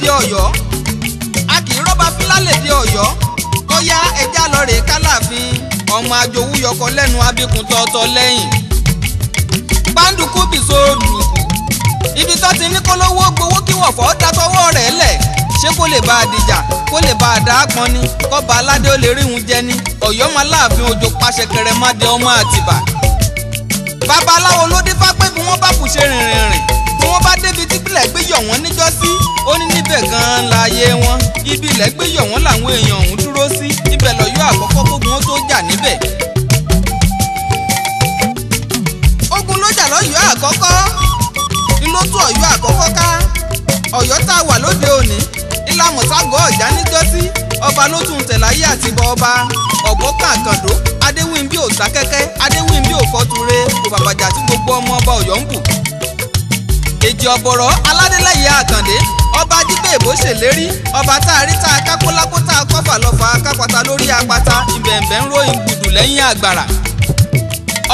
lálẹ́dí ọ̀yọ́ a kì í rọ́bà fín lálẹ́dí ọ̀yọ́ kọ́yá ẹja lọ rèé kálàfin ọmọ àjòwú yọkọ lẹ́nu abíkun tọ́tọ́ lẹ́yìn. pándùkú bìso dùnkù ibi tó ti ní kólówó gbowó kí wọ́n fọ́ dátọ́wọ́ rẹ̀ lẹ̀ ṣé kó lè bá a dìjà kó lè bá a dá a pọn ni kọ́ba aládé ó lè ríhun jẹ ni ọ̀yọ́ máa láàfin òjò pàṣẹ kẹrẹ ọmọ àtìbà. babaláwo ló dín fápẹ́ bí wọ́n bá kù ṣe rìnrìn rìn bó wọ́n bá débi tí ìpìlẹ̀ gbé yọ̀ wọ́n níjọ́ sí ó ní níbẹ̀ gan-an láàyè wọn ibi ilẹ̀ gbé yọ̀ wọ́n làwọn èèyàn ọ̀hún dúró sí ibẹ̀ lọ́yọ́ àkọ́kọ́ kógun ó tó jà níbẹ̀. ogun ló jà lọ́yọ́ àkọ́kọ́ ló tún ọ̀yọ́ àkọ́kọ́ ká ọ̀yọ́ tá a wà lóde òní ìlàmọ̀ságọ́ ọ̀já níjọ́sí ọba ló tún tẹ̀láyé àtibọ̀ ọba ọ̀gbọ́ kàkàndó adéwìnbí òsákẹ́kẹ́ adéwìnbí òfọ́ture kò bàbàjà tí gbogbo ọmọ ọba ọ̀yọ́ ń bù kejì ọ̀bọ̀rọ̀ aládélẹ́yẹ àkàndé ọba dígbè èbó ṣèlérí ọba tá a rí tá a kákó lákó tá a kọ́fà lọ́fà kápata lórí apata ìbẹ̀ǹbẹ̀ ń ròyìn gbùdù lẹ́yìn àgbàrà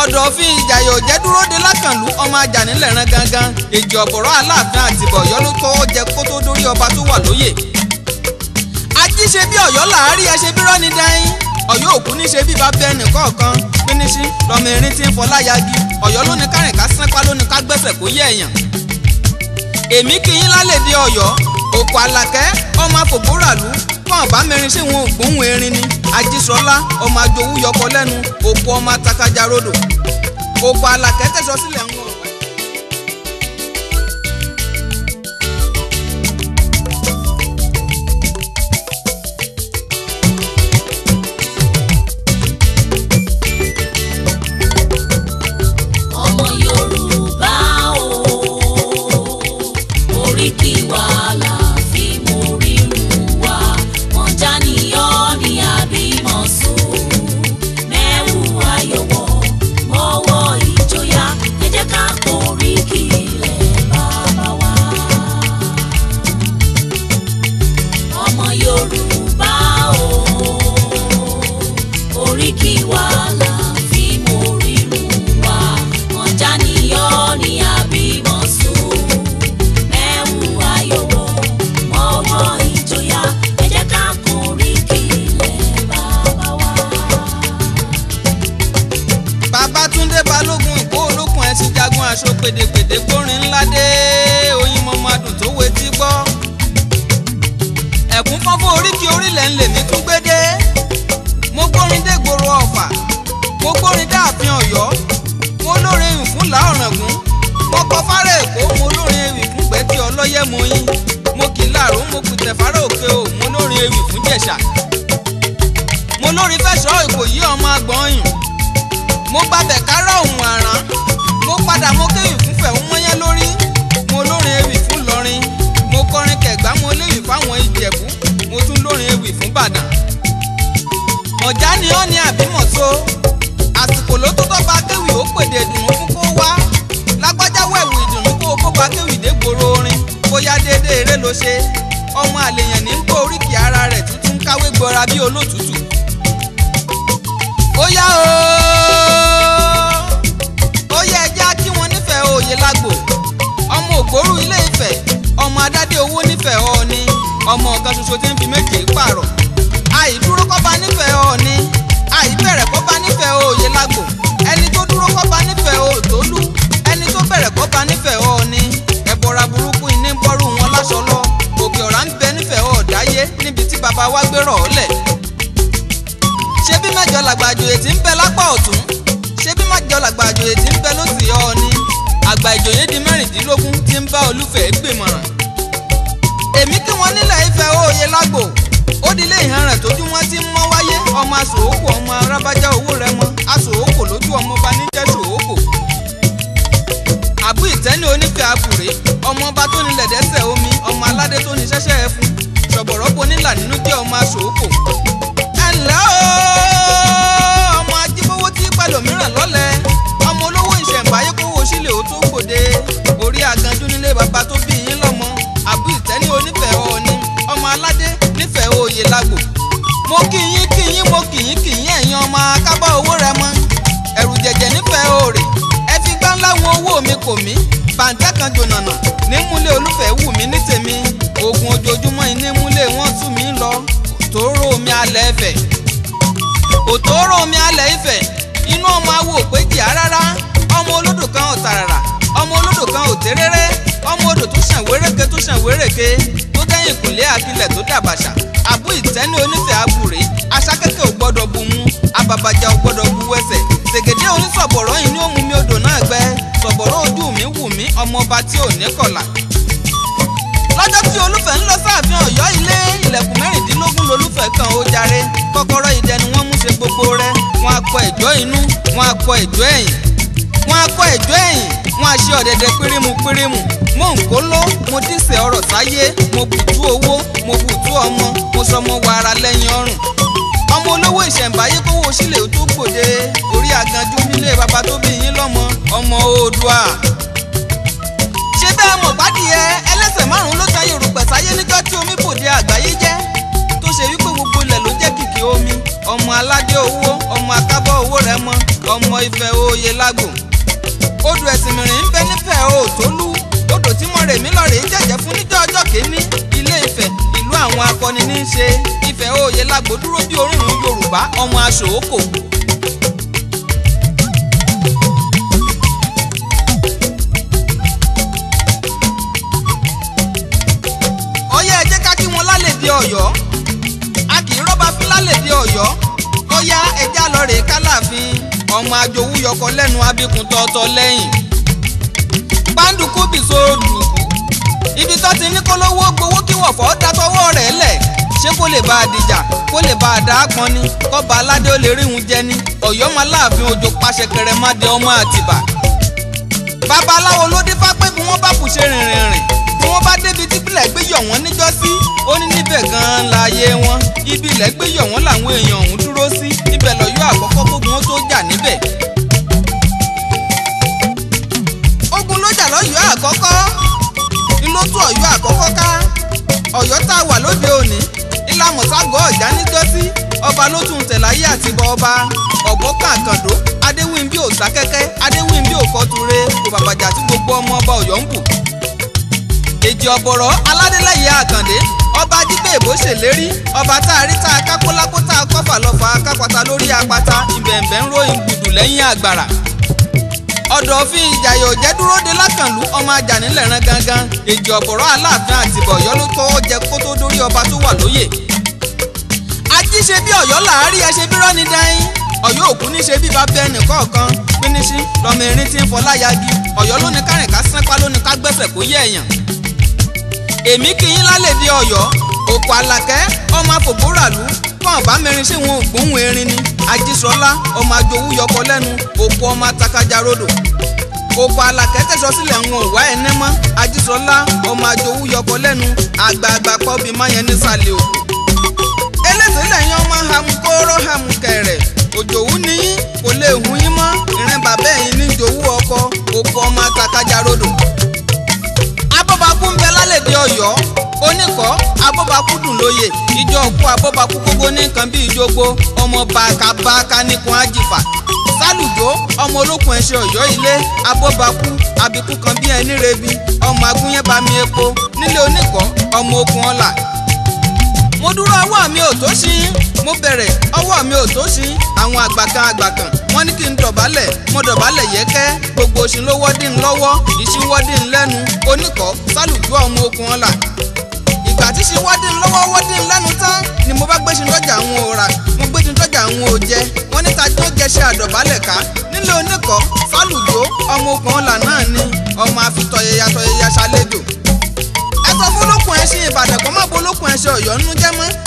ọ̀dọ̀fin ìjàyọ̀ jẹ́ dúró de lákànlú ọmọ ajánilẹ̀ ran gangan èjì ọ̀bọ̀rọ̀ aláàfin àtìbọ̀yọ́ ló kọ́ jẹ kó tó dórí ọba tó wà lóyè ajíṣe bí ọ̀yọ́ làárí ẹṣẹ bí rọ́ni dáín ọ̀yọ́ òkú níṣe bí bá bẹ ẹnìkọ̀ọ̀kan píníṣín lọmọ erin tí ń fọlá yagi ọ̀yọ́ lóní kárìnká sánpá lóní ká gbẹ́sẹ̀ kó yé èèyàn èmi kì í di ọ̀yọ́ òkò àlàkẹ́ ọmọ àfòbúràlú fún àbámẹ́rin sí wọn ò gbóhùn erin ni àjíṣọlá ọmọ àjòwú yọkọ lẹ́nu òkò ọmọ àtàkàjà rodò òkò àlàkẹ́ tẹ̀sọ́ sílẹ̀ ń wọ̀. bye. aṣọ pèdèpèdè kórin ńlá dé oyin mọ́ máa dùn tó wetí gbọ́. ẹ̀kún fọ́fọ́ oríkì orílẹ̀ ń lè mí tún gbédé mo gbórin dé gbòòrò ọ̀fà mo gbórin dé ààfin ọ̀yọ́ mo lórin ìwì fún làọ̀ràngún mo kọ fárá èkó mo lórin ewì fún gbẹ́tì ọlọ́yẹ mo yín mo kì í láàrú mo pìtẹ̀ fárá òkè o mo lórin ewì fún jẹ̀ṣà mo lórin fẹ́ṣọ́ ìkòyí ọmọ agbọ̀nyìn mo gbàbẹ̀ kárọ̀ òun àrán. ló ṣe ọmọ àlèyàn ní ń kó oríkì ara rẹ̀ tuntun ń káwé gbọ́ra bí olótùtù. ó yá o ó yẹ ẹjẹ́ kí wọ́n nífẹ̀ẹ́ òye lágbo ọmọ ògbórú ilé Ifẹ̀ ọmọ adádé owó nífẹ̀ẹ́ Ọọ̀ni ọmọ ọ̀kan ṣoṣo tí ń bá wá gbéràn ọ́lẹ̀. ṣé bí mẹ́jọ làgbà àjòyè tí ń bẹ lápá ọ̀tún ṣé bí mẹ́jọ làgbà àjòyè tí ń bẹ lósì Ọọ̀ni àgbà ìjòyè di mẹ́rìndínlógún tí ń bá Olúfẹ̀ gbèmọ̀ràn. èmi kí wọ́n nílẹ̀ Ifẹ̀ òòye lágbo ó di ilé ìhànrẹ̀ tójú wọn ti mọ́ wáyé ọmọ asòókò ọmọ arábájá owó rẹ mọ asòókò lójú ọmọ bá níjẹ́ sòókò. àbú ìtẹ́ni onífẹ́ àbúrẹ́ ọmọ ọba tó nílẹ̀ dẹ́sẹ̀ omi ọmọ aládé tó ní ṣẹ́ṣẹ́ ẹ̀fún ṣọ̀bọ̀rọ̀bọ nílà nínú jẹ́ ọmọ aṣòókò. ẹnlẹ́ o ọmọ ajíbówó tí pẹlòmíràn lọ́lẹ̀ ọmọ olówó ìṣẹ̀ǹbáyé kówó sílẹ̀ ó tó gbòde orí aganjú nílé bàbá tó bí yín lọ́mọ àbú ìtẹ́ni onífẹ̀ẹ́ ọ̀ọ́ni ọmọ aládé nífẹ̀ẹ́ oyè lágbo. mo kì yín kì yín mo kì yín kì yín ẹ̀yin ọmọ akábọ̀ owó rẹ mọ́ ẹ̀rù jẹ̀jẹ̀ nífẹ̀ẹ́ òòrè ẹ alẹ́ Ifẹ̀ òtòrò omi alẹ́ Ifẹ̀ inú ọmọ awo òpéjì rárá ọmọ olódò kan ọ̀tàràrà ọmọ olódò kan òtéréré ọmọ odò tó ṣàn wéréke tó ṣàn wéréke tó dẹ́yìn kùlé àkilẹ̀ tó dàbàṣà àbú ìtẹ́ni onífẹ̀ àbùrè aṣákẹ́kẹ́ ò gbọ́dọ̀ bu mu abàbàjà ò gbọ́dọ̀ bu wẹsẹ̀ ṣègèdè onísọ̀bọ̀rọ̀ yìí ni ó mú mi odò náà gbẹ sọ̀bọ̀rọ̀ ojú mi wù mí ọmọọba tí ò ní kọ̀là. lọ́jọ́ tí olúfẹ́ ń lọ sáàfin ọ̀yọ́ ilé ẹ̀ kàn ó jàre kọ́kọ́rọ́ idẹ ni wọ́n mú ṣe gbogbo rẹ̀ wọ́n á kọ ẹ̀jọ́ inú wọ́n á kọ ẹ̀jọ́ ẹ̀yìn wọ́n á kọ ẹ̀jọ́ ẹ̀yìn wọ́n á ṣe ọ̀dẹ̀dẹ̀ pírímù pírímù mò ń kó ló mo dísẹ̀ ọ̀rọ̀ sáyé mo bùtú owó mo bùtú ọmọ mo sọmọ wàrà lẹ́yìn ọrùn ọmọ olówó ìṣẹ̀ǹbáyé kówó sílẹ̀ tó gbòde orí àgànjú nílé bàbá tó bí yín lọ́mọ ọmọ oòdùà ṣé bẹ́ẹ̀ mọ̀ gbádìí ẹ ẹlẹ́sẹ̀ márùn-ún ló ta yorùbá sáyé níjọ́ tí omi bòde àgbáyé jẹ́ ọmọ aládé owó ọmọ akábọ̀ owó rẹ mọ ọmọ Ifẹ̀ oyè lágbo odò ẹ̀sìnmìrìn ń bẹ nífẹ̀ẹ́ òtólú odò tí mo rèmí lọ́rẹ̀ ń jẹ̀jẹ̀ fún níjọ́ ọjọ́ kìíní ilé Ifẹ̀ ìlú àwọn akọni ní í ṣe Ifẹ̀ oyè lágbo dúró bí orúurú Yorùbá ọmọ aṣòókò ọmọ ajowú yọkọ lẹ́nu abíkun tọ́tọ́ lẹ́yìn pàǹdùkú bìso dùkú ibi tó ti ní kólówó gbowó kí wọ̀fọ́ da tọwọ́ rẹ̀ lẹ̀ ṣé kó lè bá a dìjà kó lè bá a dá a pọn ni kọ́ba aládé ó lè ríhun jẹ ni ọ̀yọ́ máa láàfin òjò pàṣẹ kẹrẹ má de ọmọ àtìbà babaláwo ló dé fápẹ́ bí wọ́n bá kù ṣe rìnrìn rìn bí wọ́n bá débi tí ìbílẹ̀ gbé yọ̀ wọ́n níjọ́ sí ó ní níbẹ̀ gan-an láàyè wọn ìbílẹ̀ gbé yọ̀ wọ́n làwọn èèyàn ọ̀hún dúró sí níbẹ̀ lọ́yọ́ àkọ́kọ́ kógun ó tó jà níbẹ̀. ogun ló jà lọ́yọ́ àkọ́kọ́ ló tú ọ̀yọ́ àkọ́kọ́ ká ọ̀yọ́ tá a wà lóde òní ńlá mọ̀ságọ́ ọ̀já níjọ́sí ọba ló tún tẹ̀láyé àti bọ ọba ọ̀gbọ́kà àkàndó adéwìnbí òsákẹ́kẹ́ adéwìnbí òfọ́ture kò bàbàjà tí gbogbo ọmọ ọba ọ̀yọ́ ń bù èjì ọ̀bọ̀rọ̀ aládélẹ́yẹ àkàndé ọba dígbèbó ṣèlérí ọba tá a rí tá a kápó lápó tá a kọ́fà lọ́fà kápátá lórí apata ìbẹ̀ǹbẹ̀ ń ròyìn gbùdù lẹ́yìn àgbàrà ọ̀dọ̀fin ìjàyọ̀ jẹ́ dúró de lákànlú ọmọ ajanilẹ̀ran gangan èjì ọ̀bọ̀rọ̀ aláàfin àtìbọ̀yọ́ ló tó jẹ kó tó dórí ọba tó wà lóyè ají ṣe bí ọ̀yọ́ làárí ẹ ṣe bí rọ́ni dáín ọ̀yọ́ òkú ní ṣe bí bàbá ẹnì kọ̀ọ̀kan pínísín lọ́mọ erin tí ń fọlá yagi ọ̀yọ́ ló ní kárìnká sánpá ló ní ká gbẹ́sẹ̀ kó yé èèyàn èmi kì í lálẹ́ di ọ̀yọ́ òkú àlàkẹ́ ọmọ àfòbúràlú fún àbámẹ́rin ṣé wọn ò gbóhùn erin ni ajísọlá ọmọ àjòwú yọkọ lẹ́nu òkú ọmọ atakaja òkú àlàkẹ́ tẹ̀sọ́ wọn mọ́ ọmọ àjòwú yọkọ lẹ́nu àgbààgbà nísàlẹ̀ òkú ọmọ òjòwú kò lè hun yín mọ́ ìrìn bàbá ẹ̀yìn ọkọ ọmọ atakaja abọ́bakú dùn lóye ìjọ òkú abọ́bakú gbogbo ní nǹkan bíi ìjogbo ọmọ bàkàbàkà nìkan àjìfà sálùjó ọmọ olókùn ẹṣẹ Ọ̀yọ́ ilé abọ́bakú abikú kan bíi ẹni rebi ọmọ agúnyẹ́bami epo nílé oníkọ́ ọmọ okùn ọlà mo dúró ọwọ́ mi ò tó sí mo bẹ̀rẹ̀ ọwọ́ mi ò tó sí àwọn àgbàkan àgbàkan wọ́n ní kí n dọ̀bálẹ̀ mo dọ̀bálẹ̀ yẹ́kẹ́ gbogbo òṣìn lọ́wọ́ ìṣíwọ́dí lẹ́nu oníkọ́ sálùjọ́ ọmọ okùn ọ̀la ìgbà tí ṣe wádìí lọ́wọ́ wádìí lẹ́nu tán ni mo bá gbéṣin lọ́jà àwọn òòrà mo gbéṣin lọ́jà àwọn òòjẹ wọn níta tí ó gẹṣẹ àdọ̀bálẹ̀ ká nílé oníkọ́ sálùgbó ọmọ ogun ọ̀là náà ni ọmọ àfitọ̀yẹyà tọ̀yẹyà ṣàlejò. ẹ sọ fún olókùn ẹṣin Ìbàdàn kọ́ mọ́ bolókùn ẹṣin Ọ̀yọ́ nínú jẹ́ mọ́